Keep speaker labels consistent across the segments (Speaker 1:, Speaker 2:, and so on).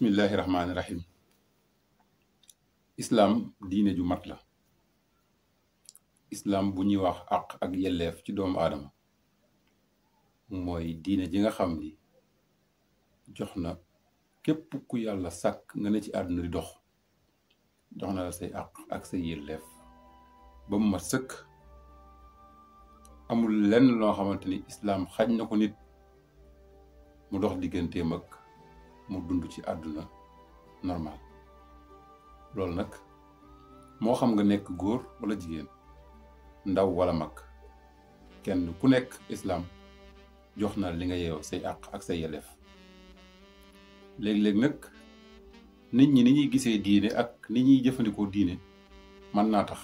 Speaker 1: bismillahi rahmaani rahim islaam diine ju mat la islaam bu ñuy wax àq ak yelleef ci doomu aadama mooy diine ji nga xam ni jox na képp ku yàlla sàkk nga ne ci àdduna di dox jox na la say àq ak say yelleef ba mu mat sëkk amul lenn loo xamante ni islaam xaj na ko nit mu dox digganteem ak mu dund ci àdduna normal loolu nag moo xam nga nekk góor wala jigéen ndaw wala mag kenn ku nekk islaam jox na li nga yeew say àq ak say yelleef léeg-léeg nag nit ñi ni ñuy gisee diine ak ni ñuy jëfandikoo diine mën naa tax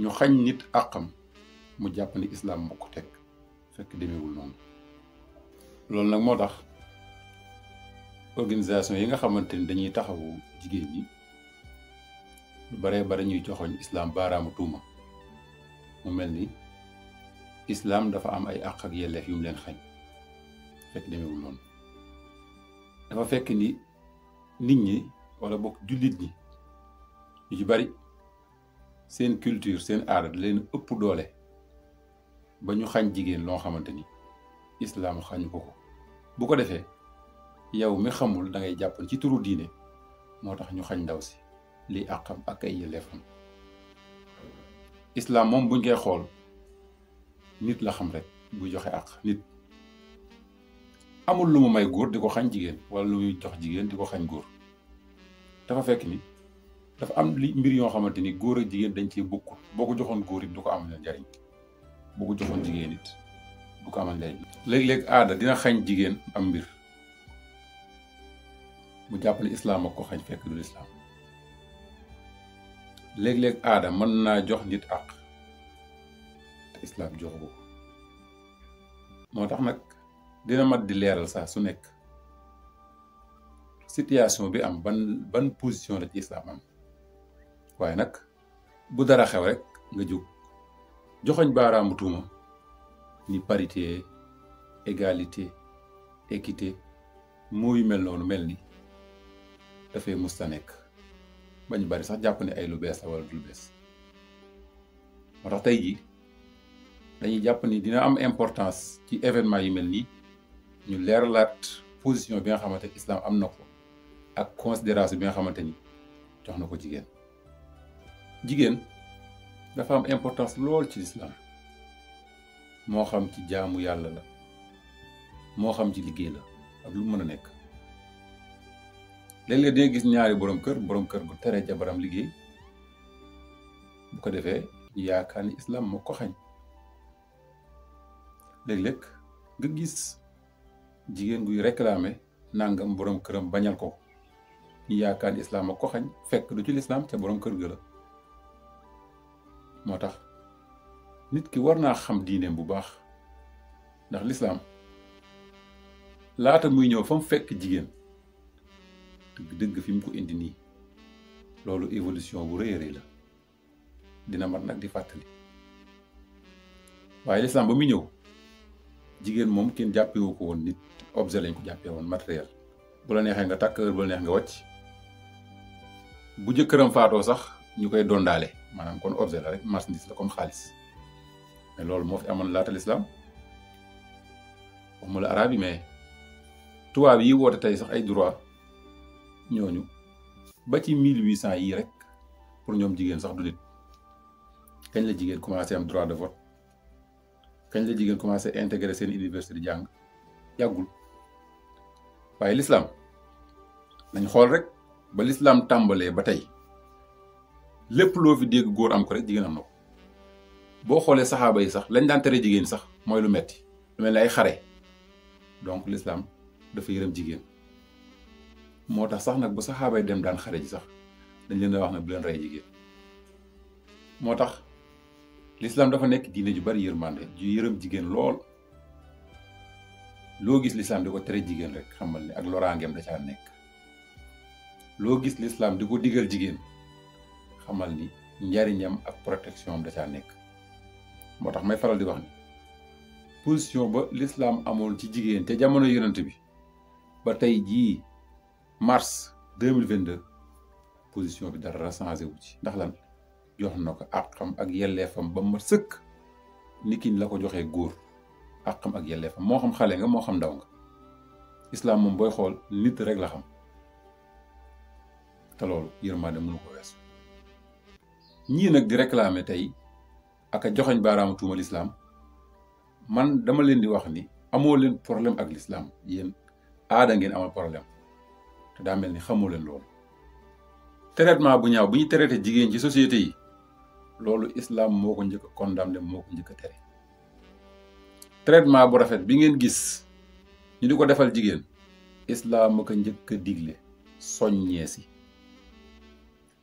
Speaker 1: ñu xañ nit àqam mu jàpp ni islaam moo ko teg fekk demewul noonu loolu nag moo tax organisation yi nga xamanteni dañuy taxawu jigéen ñi lu bare bare ñuy joxoñ islam baaraamu tuuma mu mel ni islam dafa am ay àq ak yelleef yu mu leen xañ fekk demewul noonu dafa fekk ni nit ñi wala bokk jullit ñi yu ci bari seen culture seen aada da leen ëpp doole ba ñu xañ jigéen loo xamante ni islaam xañu ko ko bu ko defee yow mi xamul dangay ngay jàppoon ci turu diine moo tax ñu xañ ndaw si lii àqam ak ay yelleefam islaam moom buñ koy xool nit la xam rek bu joxe àq nit amul lu mu may góor di ko xañ jigéen wala lu muy jox jigéen di ko xañ góor dafa fekk ni dafa am li mbir yoo xamante ni góor ak jigéen dañ cee bokkul boo ko joxoon góor it du ko am amal njariñ boo ko joxoon jigéen it du ko amal njariñ léeg-léeg aada dina xañ jigéen am mbir mu jàppale islaam ak ko xañ fekk du islaam léeg-léeg aada mën naa jox nit àq te islaam jox ko moo tax nag dina mat di leeral sax su nekk situation bi am ban ban position la ci islaam am waaye nag bu dara xew rek nga jóg joxoñ baaraamu tuuma ni parité égalité équité mooyu mel noonu mel ni dafay mus ta nekk ba ñu bari sax jàpp ne ay lu bees la wala du lu bees moo tax tey jii dañuy jàpp ni dina am importance ci événement yu mel nii ñu leeralaat position bi nga xamante ni islam am na ko ak considération bi nga xamante ni jox na ko jigéen jigéen dafa am importance lool ci islam moo xam ci jaamu yàlla la moo xam ci liggéey la ak lu mën a nekk léeg-léeg day gis ñaari borom kër borom kër bu tere jabaram liggéey bu ko defee ñu yaakaar ni islaam moo ko xañ léeg-léeg nga gis jigéen guy réclamer nangam borom këram bañal ko ñu yaakaar ni islam moo ko xañ fekk du ci lislaam ca boroom kër ga la moo tax nit ki war naa xam diineem bu baax ndax lislaam laata muy ñëw fa mu fekk jigéen dëgg fi mu ko indi nii loolu évolution bu rëy a la dina mat nag di fàttali waaye lislaam ba mu ñëw jigéen moom kenn jàppewu ko woon nit objet lañ ko jàppee woon matériel bu la neexee nga takk bu la neex nga wacc bu jëkkëram faatoo sax ñu koy dondaale maanaam kon objet la rek marchandise la comme xaalis mais loolu moo fi amoon laata lislaam waxuma la arab yi mais tubaab yi woote tey sax ay droit ñooñu ba ci mille huit cent yii rek pour ñoom jigéen sax du nit kañ la jigéen commencé am droit de vote kañ la jigéen commencé intégré seen université di jàng yàggul waaye lislaam dañ xool rek ba lislaam tàmbalee ba tey lépp loo fi dégg góor am ko rek jigéen am na boo xoolee saxaaba yi sax lañ daan teree jigéen sax mooy lu metti lu mel ni ay xare donc lislaam dafa yërëm jigéen motax sah sax nak bu sahaba dem dan xarit sax dañ leen wax ne bu leen ray jigéen motax l'islam dafa nek diine ju bari yermande ju lool lo gis l'islam diko tere rek xamal ni ak lorangem da ca nek. lo gis l'islam diko ko digal xamal ni njariñam ak protection da ca nek motax may faral di wax ni position ba l'islam amul ci jigéen te jamono yonent bi ba tay ji mars 2022 position bi dara changé wu ci ndax lan jox na ko àqam ak yelleefam ba ma sëkk ni kiñ la ko joxee góor àqam ak yelleefam moo xam xale nga moo xam ndaw nga islam moom booy xool nit rek la xam te loolu yërmande mënu ko weesu ñii nag di réclamer tey ak joxañ baaraamu tuuma man dama leen di wax ni amoo leen problème ak l'islam yéen aada ngeen amal problème da daa mel ni xamoo leen loolu traitement bu ñaaw bu ñu traité jigen ci société yi loolu islam moko ñëk condamné moko ñëk téré tere traitement bu rafet bi ngeen gis ñu diko defal islam ma ko njëkk diglé digle si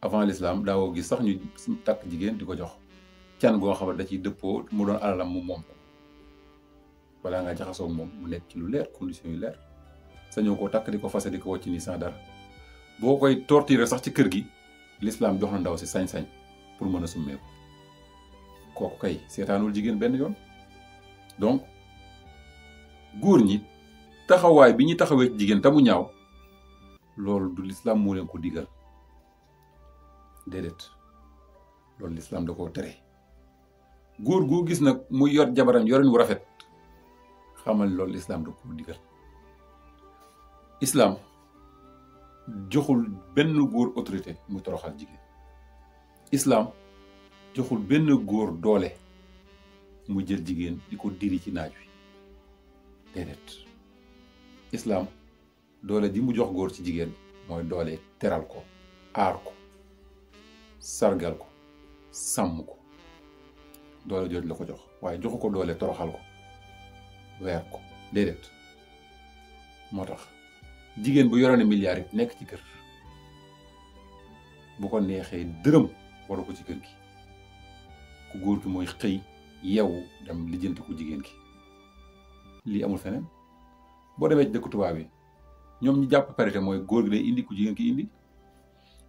Speaker 1: avant l'islam wo gis sax ñu tak jigen di jox can goo xamal da ci depo mu doon alalam mu mom wala nga jaxaso mom mu nekk ci lu leer condition yu leer sañoo ko takk di ko fase di ko ni sa dar bokoy torturer sax ci kër gi l'islam doxna ndaw ci sañ-sañ pour mëna sumé ko ko kay sétanul jigen ben yoon donc goor ñi taxaway bi ñi taxawé ci tamu ñaaw lool du l'islam mo leen ko digal dedet lool l'islam da ko tere goor goo gis nak mu yor jabaram yorin wu rafet xamal lool l'islam da ko digal islaam joxul benn góor autorité mu toroxal jigéen islaam joxul benn góor doole mu jël jigéen di ko diri ci naaj wi déedéet islaam doole ji mu jox góor ci jigéen mooy doole teral ko aar ko sargal ko sàmm ko doole jooju la ko jox waaye joxu ko doole toroxal ko weer ko déedéet moo tax jigéen bu yoroon milliard it nekk ci kër bu ko neexee dërëm waru ko ci kër gi ku góor ki mooy xëy yow dem lijjanti ku jigéen ki lii amul feneen boo demee ci dëkk tubaab yi ñoom ñu jàpp parité mooy góor gi day indi ku jigéen ki indi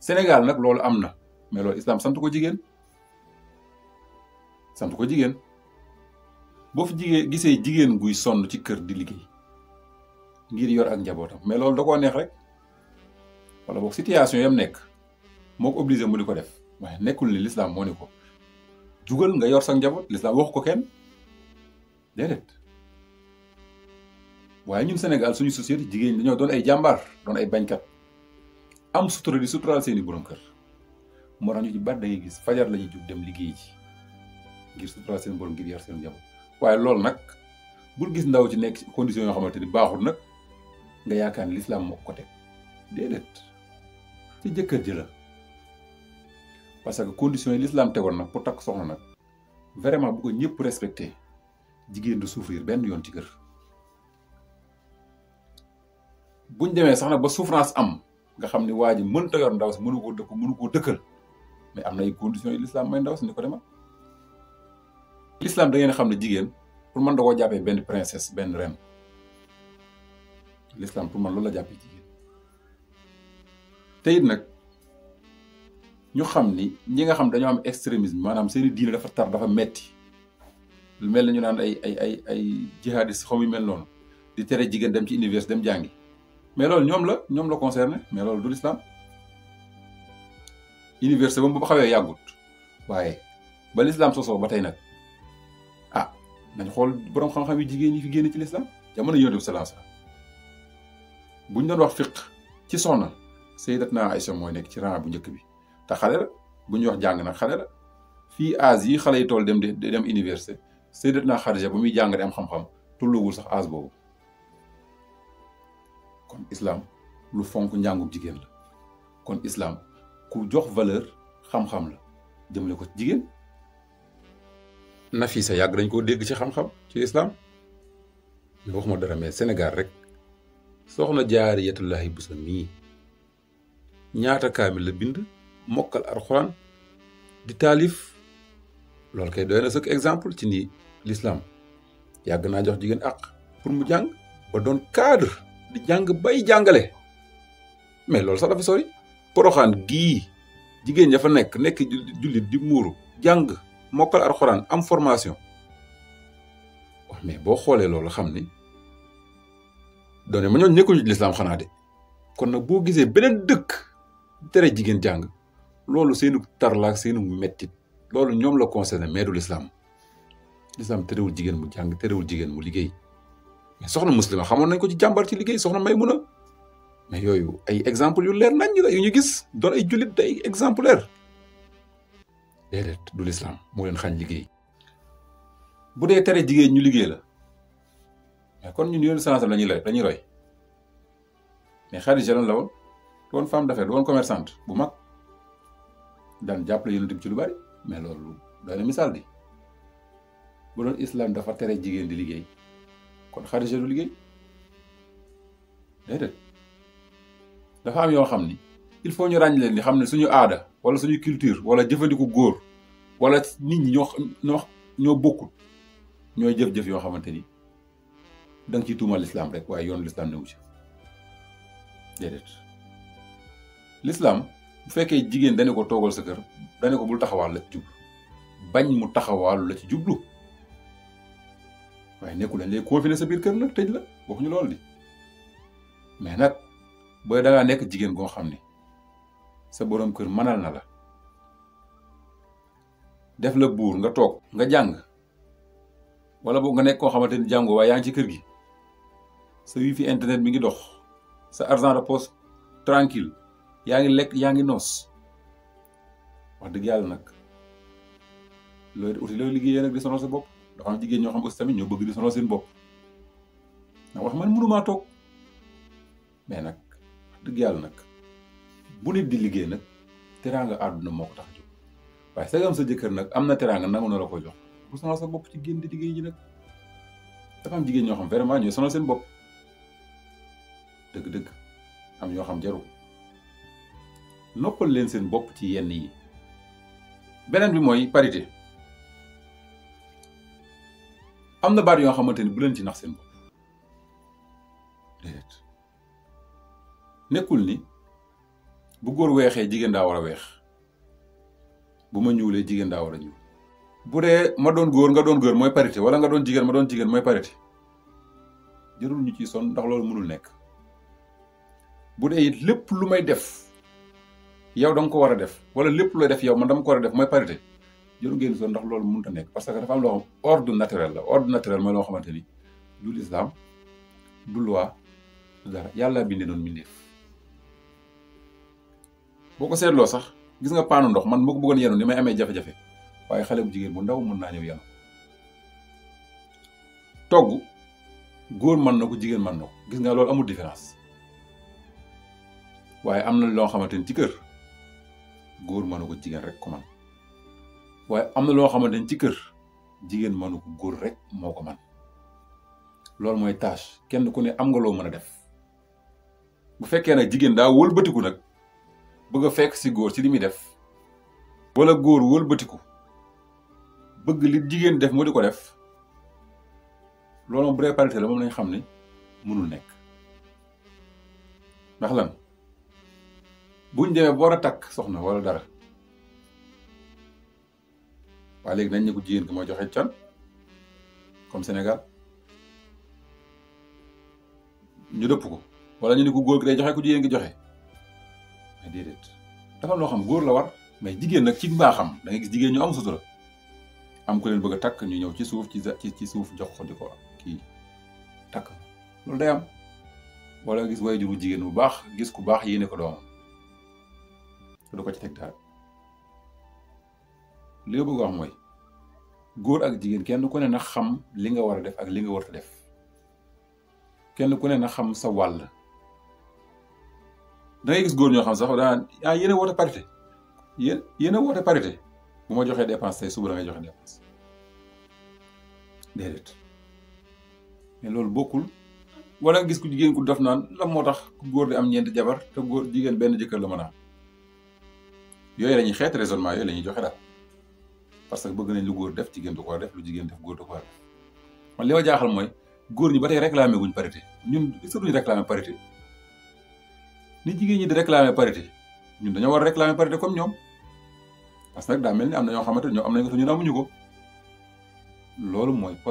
Speaker 1: Sénégal nag loolu am na mais loolu islam sant ko jigéen sant ko jigéen boo fi jigéen gisee jigéen guy sonn ci kër di liggéey ngir yor ak njabootam mais loolu da koo neex rek wala boog situation yam nekk moo ko obligé mu di ko def waaye nekkul ni lislaam moo ni ko jugal nga yor sa njaboot lislaam waxu ko kenn déedéet waaye ñun Sénégal suñu société jigéen dañoo doon ay jàmbaar doon ay bañkat am sutura di suturaal seeni borom kër moo tax ñu ci bat gis fajar la ñuy jug dem liggéey ji ngir suturaal seen borom ngir yar seen loolu nag bul gis ndaw ci nekk condition yoo xamante ni baaxul nag nga yaakaan l'islam lislaam moo ko teg déedéet ci jëkkër ji la parce que condition yi lislaam tegoon nag pour takk soxna nag vraiment bu ko ñëpp respecté jigéen du souffrir benn yoon ci kër buñ demee sax ba souffrance am nga xam waji waa ji mënta yor ndaw si mënu koo dëkk mënu koo dëkkal mais am na ay conditions yi lislaam may ndaw si ni ko demal lislaam da ngeen xam ne pour man da koo jàppee benn princesse benn reine l'islam pour man loolu la jàppee jigéen te it nag ñu xam ni ñi nga xam dañoo am extrémisme maanaam seeni diine dafa tar dafa metti lu mel na ñu naan ay ay ay ay jihadiste xaw yu mel noonu di tere jigéen dem ci université dem jàngi mais loolu ñoom la ñoom la concerné mais loolu du l'islam université ba mu xawee yàggut waaye ba l'islam sosoo ba tey nag ah nañ xool boroom xam-xam yu jigéen ñi fi génn ci l'islam jamono yonent bi sallallahu bu ñu doon wax fiq ci sonna Sayyidatna Aïcha mooy nekk ci rang bu njëkk bi te xale la bu ñuy wax jàng na xale la fii âge yi xale yi tool dem di dem université Sayyidatna Xadija bu muy jàng di am xam-xam tulluwul sax âge boobu kon islam lu fonk njàngum jigéen la kon islam ku jox valeur xam-xam la jëmale ko jigéen Nafisa yàgg dañ koo dégg ci xam-xam ci islam waxuma dara mais Sénégal rek. soxna jaariyatullahi busa mii ñaata kaamil la bind mokkal alxuraan di taalif loolu kay doy na sëkk exemple ci ni lislaam yàgg naa jox jigéen àq pour mu jàng ba doon cadre di jàng bay jàngale mais loolu sax dafa sori poroxaan gii jigéen ña fa nekk nekk jullit di muuru jàng mokkal alxuraan am formation wax oh, mais boo xoolee loolu xam ni doone ma ñoon nekkuñu lislaam xanaa de kon nag boo gisee beneen dëkk tere jigéen jàng loolu seenu tarlaak seenu mettit loolu ñoom la concerné mais du lislaam lislaam terewul jigéen mu jàng terewul jigéen mu liggéey mais soxna muslima xamoon nañ ko ci jàmbar ci liggéey soxna may mun a mais yooyu ay exemple yu leer nañ la yu ñu gis doon ay jullit day exemplaire déedéet du lislaam moo leen xañ liggéey bu dee tere jigéen ñu liggéey la mais kon ñun yoonu salaam la ñuy roy la ñuy roy mais Xadija lan la woon du woon femme d'affaires du woon bu mag daan jàppale yonent bi ci lu bari mais loolu doy na misaal bi bu doon islam dafa tere jigéen di liggéey kon Xadija du liggéey déedéet dafa am yoo xam ni il faut ñu ràññ leen ni xam ne suñu aada wala suñu culture wala jëfandiku góor wala nit ñi ñoo ñoo ñoo ñooy jëf-jëf yoo xamante ni. da nga ciy tuumal lislaam rek waaye yoonu lislaam newu ci déedéet lislaam bu fekkee jigéen dane ko toogal sa kër dane ko bul taxawaal la ci jublu bañ mu taxawaalu la ci jublu waaye nekku lañ lay confiné sa biir kër nag tëj la waxuñu loolu di mais nag booy dangaa nekk jigéen goo xam ni sa boroom kër mënal na la def la buur nga toog nga jàng wala boog nga nekk koo xamante ni jàngoo waaye yaa ngi ci kër gi sa wifi internet mi ngi dox sa argent de tranquille yaa ngi lekk yaa ngi noos wax dëgg yàlla nag looy uti looy liggéeyee nag di sonal sa bopp dafa am jigéen ñoo xam aussi tamit ñoo bëgg di seen bopp wax man mënumaa mais nag dëgg yàlla nag bu nit liggéey nag teraanga àdduna moo ko tax jóg waaye sagam sa jëkkër am na teraanga nangu na la ko jox bu sonal sa bopp ci génn liggéey ji nag dafa am jigéen ñoo xam vraiment ñooy sonal seen bopp dëgg-dëgg am yoo xam jaru noppal leen seen bopp ci yenn yi beneen bi mooy parité am na baat yoo xamante ni bu leen ci nax seen bopp déedéet nekkul ni bu góor weexee jigéen daa war a weex bu ma ñuulee jigéen daa war a ñuul bu dee ma doon góor nga doon góor mooy parité wala nga doon jigéen ma doon jigéen mooy parité jërul ñu ci son ndax loolu mënul nekk bu dee it lépp lu may def yow danga ko war a def wala lépp looy def yow man dama ko war a def may parité jëru ngeen soon ndax loolu mënut a nekk parce que dafa am loo xam ordre naturel la ordre naturel mooy loo xamante ni du lislaam du loi dara yàlla bindee noonu mbindeef boo ko seetloo sax gis nga paanu ndox man moo ko bëggoon yenu ni may amee jafe-jafe waaye xale bu jigéen bu ndaw mën naa ñëw yenu togg góor man na ko jigéen mën na ko gis nga loolu amul différence waaye am na loo xamante ni ci kër góor mënu ko jigéen rek ko man waaye am na loo xamante ni ci kër jigéen mënu ko góor rek moo ko man loolu mooy tâche kenn ku ne am nga loo mën a def bu fekkee nag jigéen daa wëlbatiku nag bëgg a fekk si góor ci li muy def wala góor wëlbatiku bëgg li jigéen def moo di ko def loolu moom bu dee parité la moom lañ xam ne mënul nekk ndax lan bu buñ demee war a takk soxna wala dara waa léegi nañ ne ko jigéen ki mooy joxe can comme Sénégal ñu dëpp ko wala ñu ne ko góor gi day joxe ko jigéen gi joxe mais déedéet dafa loo xam góor la war mais jigéen nag ci mbaaxam xam ngay gis jigéen ñu am sutura am ku leen bëgg a takk ñu ñëw ci suuf ci ci suuf jox ko di ko kii takk loolu day am wala gis way juru jigéen bu baax gis ku baax yi yéene ko doomam te ko ci li nga bëgg wax mooy góor ak jigéen kenn ku ne na xam li nga war a def ak li nga war a def kenn ku ne na xam sa wàll da ngay gis góor ñoo xam sax daan ah yéen a woote parité yéen yéen a woote parité bu ma joxee dépense tey suba ngay joxe dépense déedéet mais loolu bokkul wala gis ku jigéen ku def naan lan moo tax ku góor di am ñeent jabar te góor jigéen benn jëkkër la mën a yooyu la ñuy xeet raisonnement yooyu la ñuy joxe daal parce que bëgg nañ lu góor def jigéen du ko def lu jigéen def góor du ko def li ma jaaxal mooy góor ñi ba tey réclamé wuñ parité ñun est-ce que duñu réclamé parité ni jigéen ñi di réclamé parité ñun dañoo war a réclamé parité comme ñoom parce que nag daa mel ni am na ñoo xamante ne ñoom am nañ ko te ñun amuñu ko loolu mooy.